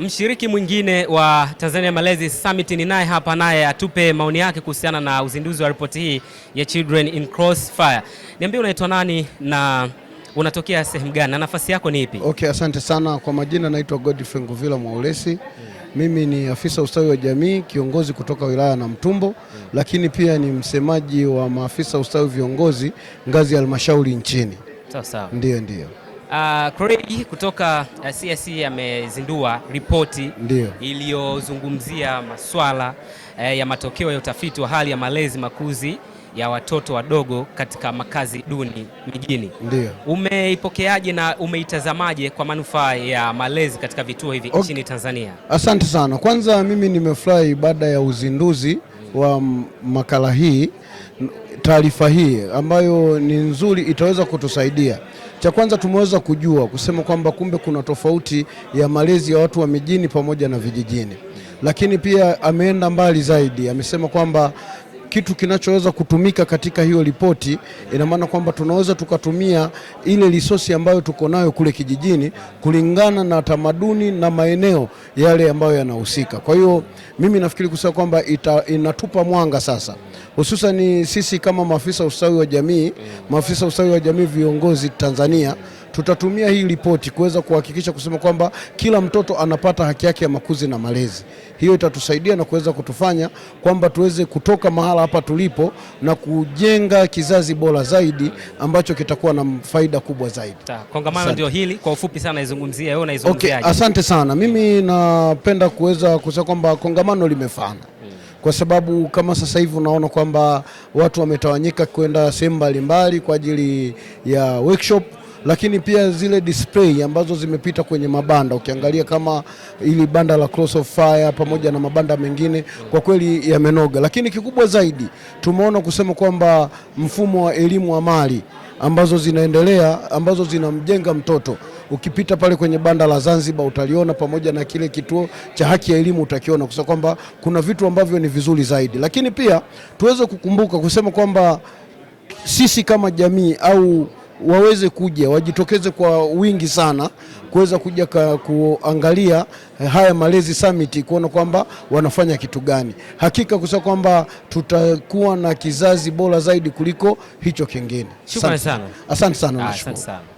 Mshiriki mwingine wa Tanzania Malezi Summit ni naye hapa, naye atupe maoni yake kuhusiana na uzinduzi wa ripoti hii ya Children in Crossfire. Niambie unaitwa nani na unatokea sehemu gani na nafasi yako ni ipi? Okay, asante sana kwa majina, naitwa Godfrey Nguvila Mwaulesi. Mimi ni afisa ustawi wa jamii kiongozi kutoka wilaya na mtumbo Lakini pia ni msemaji wa maafisa ustawi viongozi ngazi ya halmashauri nchini. Sawa sawa, ndio ndio. Uh, Craig kutoka uh, amezindua ripoti iliyozungumzia masuala uh, eh, ya matokeo ya utafiti wa hali ya malezi makuzi ya watoto wadogo katika makazi duni mijini. Ndio. Umeipokeaje na umeitazamaje kwa manufaa ya malezi katika vituo hivi okay, nchini Tanzania? Asante sana. Kwanza mimi nimefurahi baada ya uzinduzi wa makala hii, taarifa hii ambayo ni nzuri, itaweza kutusaidia. Cha kwanza tumeweza kujua kusema kwamba kumbe kuna tofauti ya malezi ya watu wa mijini pamoja na vijijini, lakini pia ameenda mbali zaidi, amesema kwamba kitu kinachoweza kutumika katika hiyo ripoti. Ina maana kwamba tunaweza tukatumia ile resource ambayo tuko nayo kule kijijini kulingana na tamaduni na maeneo yale ambayo yanahusika. Kwa hiyo mimi nafikiri kusema kwamba inatupa mwanga sasa, hususan sisi kama maafisa ustawi wa jamii, maafisa ustawi wa jamii, viongozi Tanzania tutatumia hii ripoti kuweza kuhakikisha kusema kwamba kila mtoto anapata haki yake ya makuzi na malezi. Hiyo itatusaidia na kuweza kutufanya kwamba tuweze kutoka mahala hapa tulipo na kujenga kizazi bora zaidi ambacho kitakuwa na faida kubwa zaidi. Ta, kongamano ndio hili kwa ufupi sana izungumzie, wewe unaizungumziaje? Okay, asante sana. Mimi napenda kuweza kusema kwamba kongamano limefana hmm. kwa sababu kama sasa hivi unaona kwamba watu wametawanyika kwenda sehemu mbalimbali kwa ajili ya workshop lakini pia zile display ambazo zimepita kwenye mabanda, ukiangalia kama ili banda la Cross of Fire pamoja na mabanda mengine, kwa kweli yamenoga. Lakini kikubwa zaidi tumeona kusema kwamba mfumo wa elimu wa mali ambazo zinaendelea ambazo zinamjenga mtoto ukipita pale kwenye banda la Zanzibar utaliona, pamoja na kile kituo cha haki ya elimu utakiona kusema kwamba kuna vitu ambavyo ni vizuri zaidi, lakini pia tuweze kukumbuka kusema kwamba sisi kama jamii au waweze kuja wajitokeze kwa wingi sana kuweza kuja kuangalia eh, haya malezi summit, kuona kwamba wanafanya kitu gani. Hakika kusema kwamba tutakuwa na kizazi bora zaidi kuliko hicho kingine. Asante sana, asante sana. Ah,